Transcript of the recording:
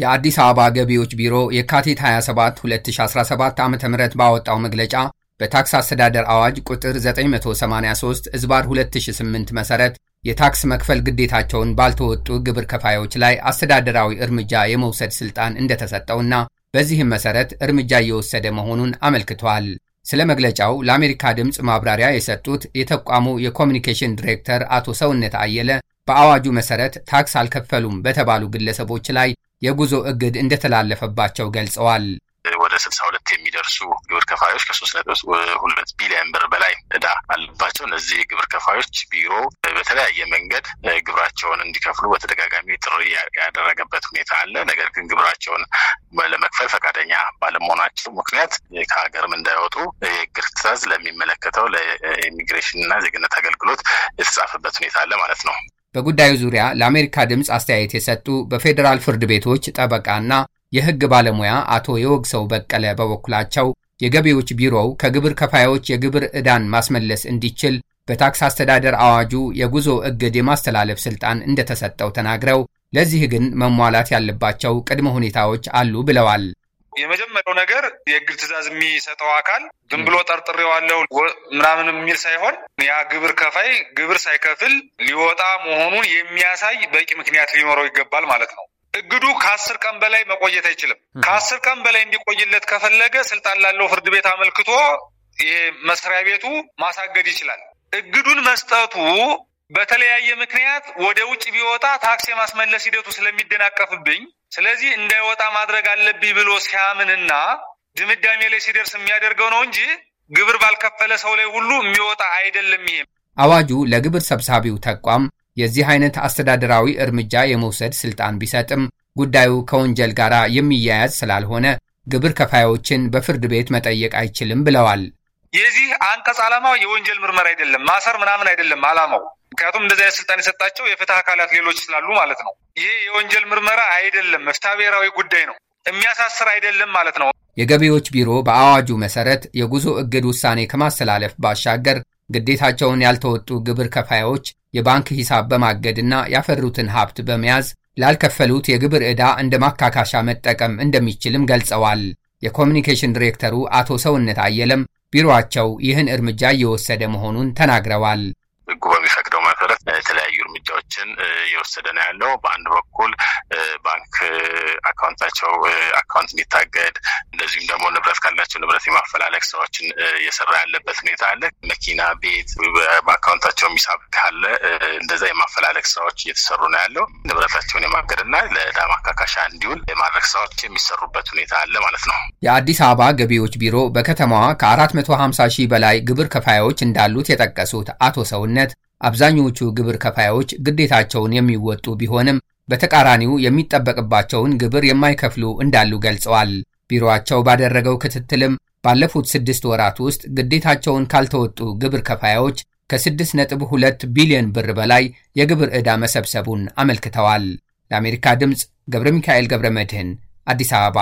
የአዲስ አበባ ገቢዎች ቢሮ የካቲት 27 2017 ዓ ም ባወጣው መግለጫ በታክስ አስተዳደር አዋጅ ቁጥር 983 ዕዝባር 2008 መሠረት የታክስ መክፈል ግዴታቸውን ባልተወጡ ግብር ከፋዮች ላይ አስተዳደራዊ እርምጃ የመውሰድ ሥልጣን እንደተሰጠውና በዚህም መሠረት እርምጃ እየወሰደ መሆኑን አመልክቷል። ስለ መግለጫው ለአሜሪካ ድምፅ ማብራሪያ የሰጡት የተቋሙ የኮሚኒኬሽን ዲሬክተር አቶ ሰውነት አየለ በአዋጁ መሠረት ታክስ አልከፈሉም በተባሉ ግለሰቦች ላይ የጉዞ እግድ እንደተላለፈባቸው ገልጸዋል። ወደ 62 የሚደርሱ ግብር ከፋዮች ከሶስት ነጥብ ሁለት ቢሊዮን ብር በላይ እዳ አለባቸው። እነዚህ ግብር ከፋዮች ቢሮ በተለያየ መንገድ ግብራቸውን እንዲከፍሉ በተደጋጋሚ ጥሪ ያደረገበት ሁኔታ አለ። ነገር ግን ግብራቸውን ለመክፈል ፈቃደኛ ባለመሆናቸው ምክንያት ከሀገርም እንዳይወጡ የእግድ ትዕዛዝ ለሚመለከተው ለኢሚግሬሽን ዜግነት አገልግሎት የተጻፈበት ሁኔታ አለ ማለት ነው። በጉዳዩ ዙሪያ ለአሜሪካ ድምፅ አስተያየት የሰጡ በፌዴራል ፍርድ ቤቶች ጠበቃና የሕግ ባለሙያ አቶ የወግሰው በቀለ በበኩላቸው የገቢዎች ቢሮው ከግብር ከፋዮች የግብር ዕዳን ማስመለስ እንዲችል በታክስ አስተዳደር አዋጁ የጉዞ እግድ የማስተላለፍ ስልጣን እንደተሰጠው ተናግረው ለዚህ ግን መሟላት ያለባቸው ቅድመ ሁኔታዎች አሉ ብለዋል። የመጀመሪያው ነገር የግብር ትዕዛዝ የሚሰጠው አካል ዝም ብሎ ጠርጥሬዋለሁ ምናምን የሚል ሳይሆን ያ ግብር ከፋይ ግብር ሳይከፍል ሊወጣ መሆኑን የሚያሳይ በቂ ምክንያት ሊኖረው ይገባል ማለት ነው። እግዱ ከአስር ቀን በላይ መቆየት አይችልም። ከአስር ቀን በላይ እንዲቆይለት ከፈለገ ስልጣን ላለው ፍርድ ቤት አመልክቶ ይሄ መስሪያ ቤቱ ማሳገድ ይችላል። እግዱን መስጠቱ በተለያየ ምክንያት ወደ ውጭ ቢወጣ ታክስ የማስመለስ ሂደቱ ስለሚደናቀፍብኝ ስለዚህ እንዳይወጣ ማድረግ አለብኝ ብሎ ሲያምንና ድምዳሜ ላይ ሲደርስ የሚያደርገው ነው እንጂ ግብር ባልከፈለ ሰው ላይ ሁሉ የሚወጣ አይደለም። ይሄም አዋጁ ለግብር ሰብሳቢው ተቋም የዚህ አይነት አስተዳደራዊ እርምጃ የመውሰድ ስልጣን ቢሰጥም ጉዳዩ ከወንጀል ጋር የሚያያዝ ስላልሆነ ግብር ከፋዮችን በፍርድ ቤት መጠየቅ አይችልም ብለዋል። የዚህ አንቀጽ ዓላማ የወንጀል ምርመራ አይደለም፣ ማሰር ምናምን አይደለም። ዓላማው ምክንያቱም እንደዚህ አይነት ስልጣን የሰጣቸው የፍትህ አካላት ሌሎች ስላሉ ማለት ነው። ይሄ የወንጀል ምርመራ አይደለም፣ ፍትሐ ብሔራዊ ጉዳይ ነው። የሚያሳስር አይደለም ማለት ነው። የገቢዎች ቢሮ በአዋጁ መሰረት የጉዞ እግድ ውሳኔ ከማስተላለፍ ባሻገር ግዴታቸውን ያልተወጡ ግብር ከፋዮች የባንክ ሂሳብ በማገድና ያፈሩትን ሀብት በመያዝ ላልከፈሉት የግብር ዕዳ እንደ ማካካሻ መጠቀም እንደሚችልም ገልጸዋል። የኮሚኒኬሽን ዲሬክተሩ አቶ ሰውነት አየለም ቢሮአቸው ይህን እርምጃ እየወሰደ መሆኑን ተናግረዋል። ህጉ በሚፈቅደው ሰዎችን እየወሰደ ነው ያለው። በአንድ በኩል ባንክ አካውንታቸው አካውንት እንዲታገድ እንደዚሁም ደግሞ ንብረት ካላቸው ንብረት የማፈላለግ ስራዎችን እየሰራ ያለበት ሁኔታ አለ። መኪና፣ ቤት በአካውንታቸው የሚሳብ ካለ እንደዛ የማፈላለግ ስራዎች እየተሰሩ ነው ያለው። ንብረታቸውን የማገድና ለዕዳ ማካካሻ እንዲሁል የማድረግ ስራዎች የሚሰሩበት ሁኔታ አለ ማለት ነው። የአዲስ አበባ ገቢዎች ቢሮ በከተማዋ ከ450 ሺህ በላይ ግብር ከፋዮች እንዳሉት የጠቀሱት አቶ ሰውነት አብዛኞቹ ግብር ከፋዮች ግዴታቸውን የሚወጡ ቢሆንም በተቃራኒው የሚጠበቅባቸውን ግብር የማይከፍሉ እንዳሉ ገልጸዋል። ቢሮአቸው ባደረገው ክትትልም ባለፉት ስድስት ወራት ውስጥ ግዴታቸውን ካልተወጡ ግብር ከፋዮች ከ6.2 ቢሊዮን ብር በላይ የግብር ዕዳ መሰብሰቡን አመልክተዋል። ለአሜሪካ ድምፅ ገብረ ሚካኤል ገብረ መድህን አዲስ አበባ